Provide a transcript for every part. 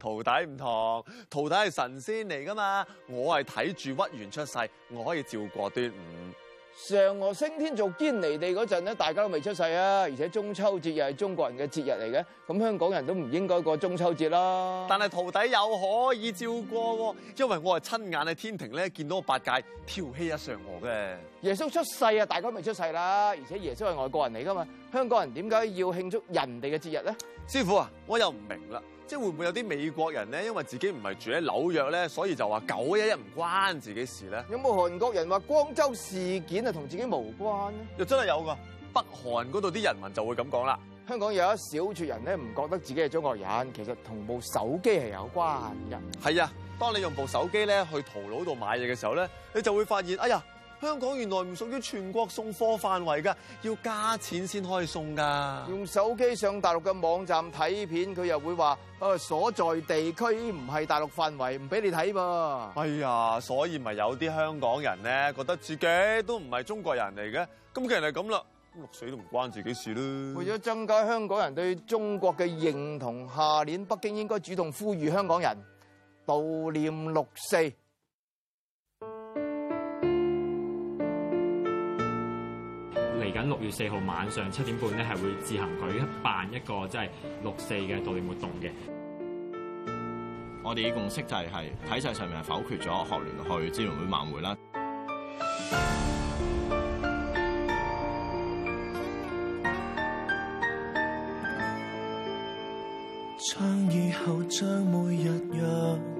徒弟唔同，徒弟係神仙嚟㗎嘛。我係睇住屈原出世，我可以照過端午。嫦娥升天做堅尼地嗰陣，大家都未出世啊，而且中秋節又係中國人嘅節日嚟嘅，咁香港人都唔應該過中秋節啦。但係徒弟又可以照過，因為我係親眼喺天庭見見到我八戒調戲阿嫦娥嘅。耶穌出世啊，大家都未出世啦，而且耶穌係外國人嚟㗎嘛。香港人點解要慶祝人哋嘅節日咧？師父啊，我又唔明啦，即係會唔會有啲美國人咧，因為自己唔係住喺紐約咧，所以就話九一一唔關自己事咧？有冇韓國人話光州事件啊，同自己冇關咧？又真係有㗎，北韓嗰度啲人民就會咁講啦。香港有一小撮人咧，唔覺得自己係中國人，其實同部手機係有關嘅。係啊，當你用部手機咧去淘寶度買嘢嘅時候咧，你就會發現，哎呀！香港原來唔屬於全國送貨範圍㗎，要加錢先可以送㗎。用手機上大陸嘅網站睇片，佢又會話，所在地區唔係大陸範圍，唔俾你睇噃。哎呀，所以咪有啲香港人呢，覺得自己都唔係中國人嚟嘅。咁既然係咁啦，咁六四都唔關自己事啦。為咗增加香港人對中國嘅認同，下年北京應該主動呼籲香港人，悼念六四。喺六月四號晚上七點半咧，係會自行舉辦一個即係六四嘅悼念活動嘅。我哋嘅共識就係係體制上面係否決咗學聯去支援會晚會啦。每日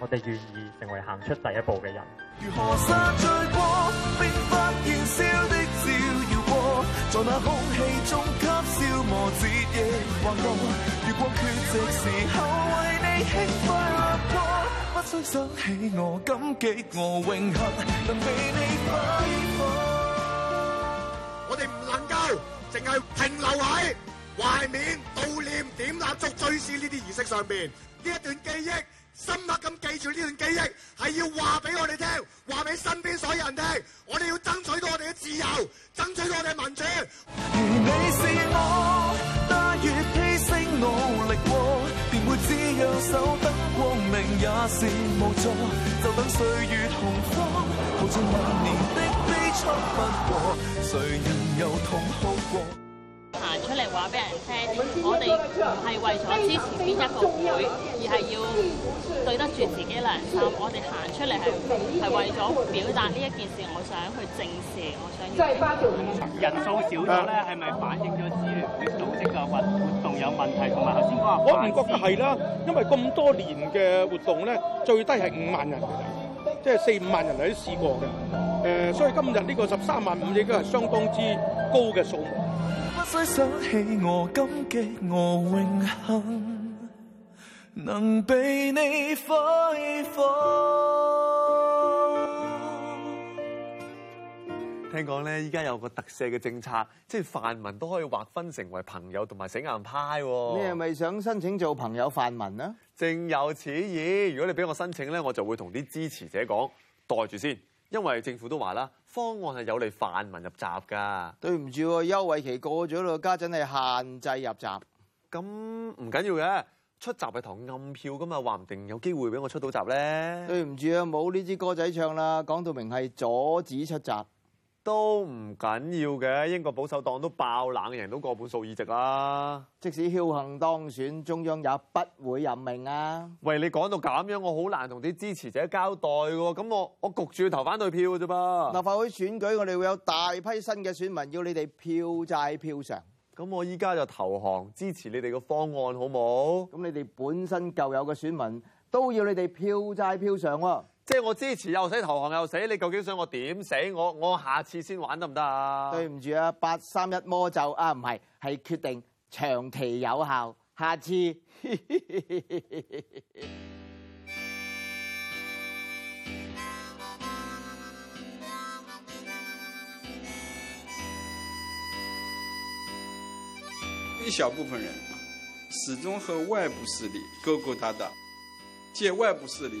我哋願意成為行出第一步嘅人。深刻咁記住呢段記憶，係要話俾我哋聽，話俾身邊所有人聽，我哋要爭取到我哋嘅自由，爭取到我哋民主。而你是我，得月披星努力過，便會就等歲月同風，好像萬年的悲訴，不過誰人又同哭過年的有行出嚟話俾人聽，我哋唔係為咗支持邊一個會，而係要對得住自己良心。我哋行出嚟係係為咗表達呢一件事，我想去正視，我想要實。人數少咗咧，係咪的的反映咗支聯會組織嘅活活動有問題？同埋頭先講。我唔覺得係啦，因為咁多年嘅活動咧，最低係五萬人嘅，即係四五萬人嚟都試過嘅。誒，所以今日呢個十三萬五亦都係相當之高嘅數目。我能被你揮霍。聽講呢，依家有個特赦嘅政策，即係泛民都可以劃分成為朋友同埋死硬派。你係咪想申請做朋友泛民啊？正有此意。如果你畀我申請呢，我就會同啲支持者講，待住先。因為政府都話啦，方案係有利泛民入閘㗎。對唔住，啊，優惠期過咗啦，家陣係限制入閘。咁唔緊要嘅，出閘係投暗票㗎嘛，話唔定有機會俾我出到閘呢。對唔住啊，冇呢支歌仔唱啦，講到明係阻止出閘。都唔緊要嘅，英國保守黨都爆冷贏，人都過半數議席啦。即使僥幸當選，中央也不會任命啊。喂，你講到咁樣，我好難同啲支持者交代喎。咁我我焗住要投反對票咋啫噃。立法會選舉，我哋會有大批新嘅選民，要你哋票債票償。咁我依家就投降支持你哋嘅方案，好冇？咁你哋本身舊有嘅選民都要你哋票債票償喎、啊。即係我支持又死投降又死，你究竟想我點死？我我下次先玩得唔得啊？對唔住啊，八三一魔咒啊，唔係係決定長期有效，下次。一小部分人始終和外部勢力勾勾搭搭，借外部勢力。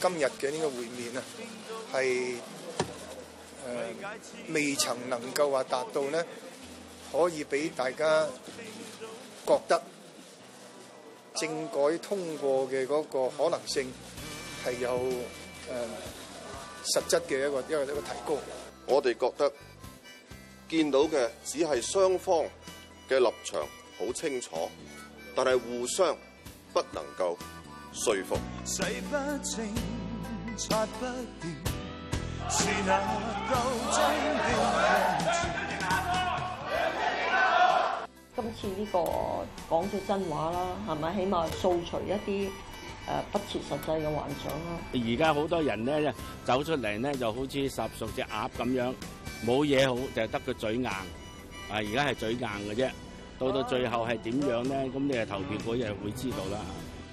今日嘅呢個會面啊，係誒未曾能夠話達到咧，可以俾大家覺得政改通過嘅嗰個可能性係有誒實質嘅一個一個一個提高。我哋覺得見到嘅只係雙方嘅立場好清楚，但係互相不能夠。説服。洗不清，擦不掉，今次呢個講咗真話啦，係咪？起碼掃除一啲誒不切實際嘅幻想啦。而家好多人咧走出嚟咧，就好似十足隻鴨咁樣，冇嘢好，就係得個嘴硬。啊，而家係嘴硬嘅啫，到到最後係點樣咧？咁你係投票嗰日會知道啦。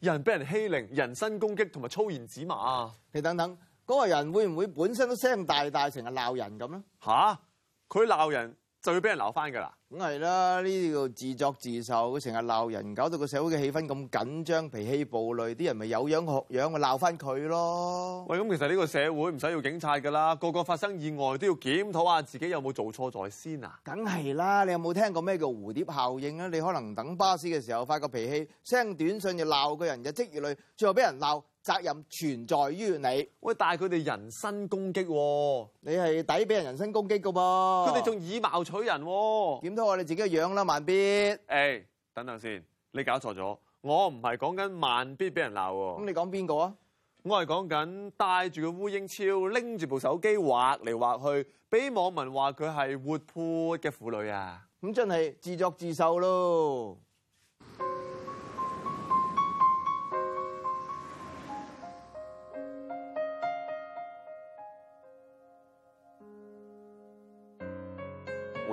人俾人欺凌、人身攻擊同埋粗言穢語啊！你等等，嗰、那個嗰個人會唔會本身都聲大大，成日鬧人咁咧？嚇！佢鬧人。就會，俾人鬧翻噶啦，咁係啦，呢啲叫自作自受，佢成日鬧人，搞到個社會嘅氣氛咁緊張，脾氣暴戾，啲人咪有樣學樣，鬧翻佢咯。喂，咁其實呢個社會唔使要警察噶啦，個個發生意外都要檢討下自己有冇做錯在先啊。梗係啦，你有冇聽過咩叫蝴蝶效應啊？你可能等巴士嘅時候發個脾氣 send 短信就鬧個人，日積月累，最後俾人鬧。責任存在於你，喂！但係佢哋人身攻擊，啊，你係抵俾人人身攻擊㗎噃，啊。佢哋仲以貌取人，啊，點都我你自己嘅樣啦，啊，慢必，誒、欸，等等先，你搞錯咗，我唔係講緊慢必俾人鬧。咁你講邊個啊？啊我係講緊帶住個烏蠅超，拎住部手機畫嚟畫去，俾網民話佢係活潑嘅婦女啊！咁真係自作自受咯～